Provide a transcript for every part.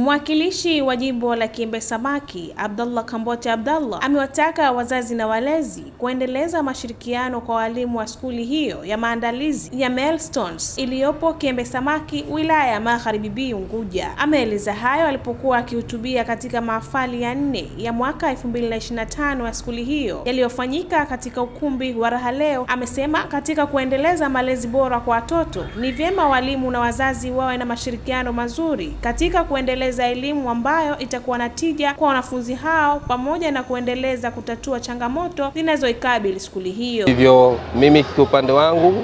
Mwakilishi wa jimbo la Kiembe Samaki Abdallah Kambote Abdallah amewataka wazazi na walezi kuendeleza mashirikiano kwa walimu wa skuli hiyo ya maandalizi ya Milestones iliyopo Kiembe Samaki, wilaya ya Magharibi B Unguja. Ameeleza hayo alipokuwa akihutubia katika mahafali ya nne ya mwaka 2025 ya skuli hiyo yaliyofanyika katika ukumbi wa Raha Leo. Amesema katika kuendeleza malezi bora kwa watoto ni vyema walimu na wazazi wawe na mashirikiano mazuri katika kuendeleza kuendeleza elimu ambayo itakuwa na tija kwa wanafunzi hao pamoja na kuendeleza kutatua changamoto zinazoikabili skuli hiyo. Hivyo mimi kwa upande wangu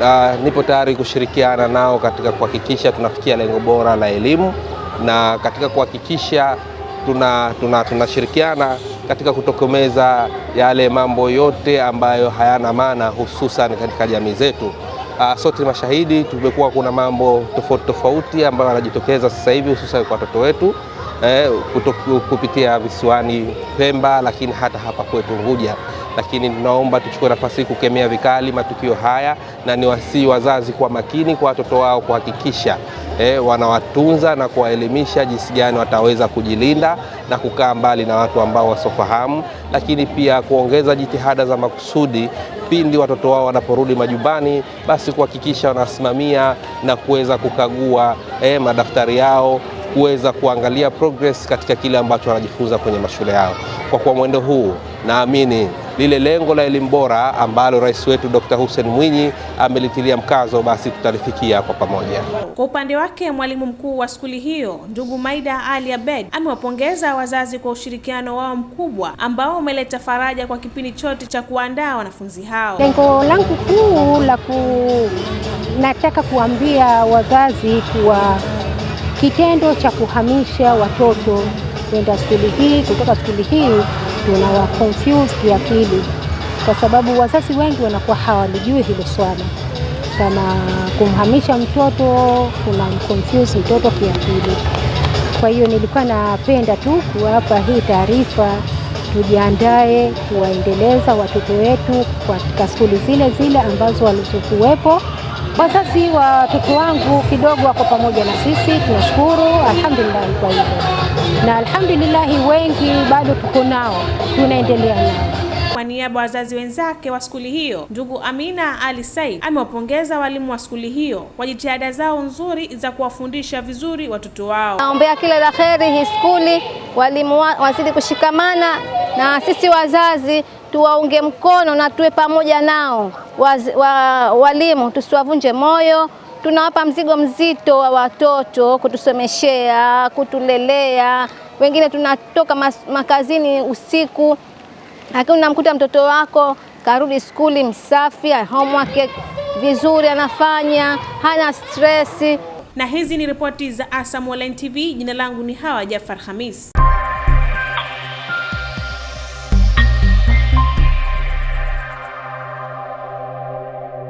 na nipo tayari kushirikiana nao katika kuhakikisha tunafikia lengo bora la elimu na katika kuhakikisha tunashirikiana tuna, tuna katika kutokomeza yale mambo yote ambayo hayana maana hususan katika jamii zetu. Uh, sote mashahidi tumekuwa kuna mambo tofauti tofauti ambayo yanajitokeza sasa hivi hususan kwa watoto wetu eh, kupitia visiwani Pemba, lakini hata hapa kwetu Unguja. Lakini tunaomba tuchukue nafasi kukemea vikali matukio haya na ni wazazi kwa makini kwa watoto wao kuhakikisha eh, wanawatunza na kuwaelimisha jinsi gani wataweza kujilinda na kukaa mbali na watu ambao wasiofahamu, lakini pia kuongeza jitihada za makusudi pindi watoto wao wanaporudi majumbani, basi kuhakikisha wanasimamia na kuweza kukagua eh, madaftari yao kuweza kuangalia progress katika kile ambacho wanajifunza kwenye mashule yao. Kwa kwa mwendo huu naamini lile lengo la elimu bora ambalo rais wetu Dr. Hussein Mwinyi amelitilia mkazo, basi tutalifikia kwa pamoja. Kwa upande wake, mwalimu mkuu wa skuli hiyo ndugu Maida Ali Abed amewapongeza wazazi kwa ushirikiano wao mkubwa ambao umeleta faraja kwa kipindi chote cha kuandaa wanafunzi hao. Lengo langu kuu la ku nataka kuambia wazazi kuwa kitendo cha kuhamisha watoto kwenda skuli hii kutoka skuli hii watoto na wa confused kwa sababu wazazi wengi wanakuwa hawalijui hilo swala, kama kumhamisha mtoto kuna confuse mtoto kiakili. Kwa hiyo nilikuwa napenda tu kuwapa hii taarifa, tujiandae kuwaendeleza watoto wetu katika skuli zile zile ambazo walizokuwepo. Wazazi wa watoto wangu kidogo wako pamoja na sisi, tunashukuru alhamdulillah. Kwa hivyo na alhamdulillahi, wengi bado tuko nao, tunaendelea nao. Kwa niaba wazazi wenzake wa skuli hiyo, ndugu Amina Ali Said amewapongeza walimu wa skuli hiyo kwa jitihada zao nzuri za kuwafundisha vizuri watoto wao. Naombea kila la heri hii skuli, walimu wazidi kushikamana na sisi wazazi tuwaunge mkono na tuwe pamoja nao. Waz, wa, walimu tusiwavunje moyo tunawapa mzigo mzito wa watoto kutusomeshea, kutulelea. Wengine tunatoka makazini usiku, lakini unamkuta mtoto wako karudi skuli msafi, homework vizuri anafanya, hana stress. Na hizi ni ripoti za ASAM Online TV. Jina langu ni Hawa Jafar Hamis.